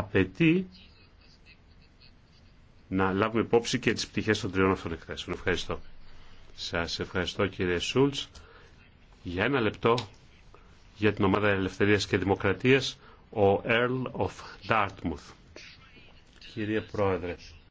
απαιτεί να λάβουμε υπόψη και τις πτυχές των τριών αυτών εκθέσεων. Ευχαριστώ. Σας ευχαριστώ κύριε Σούλτς. Για ένα λεπτό για την ομάδα Ελευθερίας και Δημοκρατίας ο Earl of Dartmouth. Κύριε Πρόεδρε,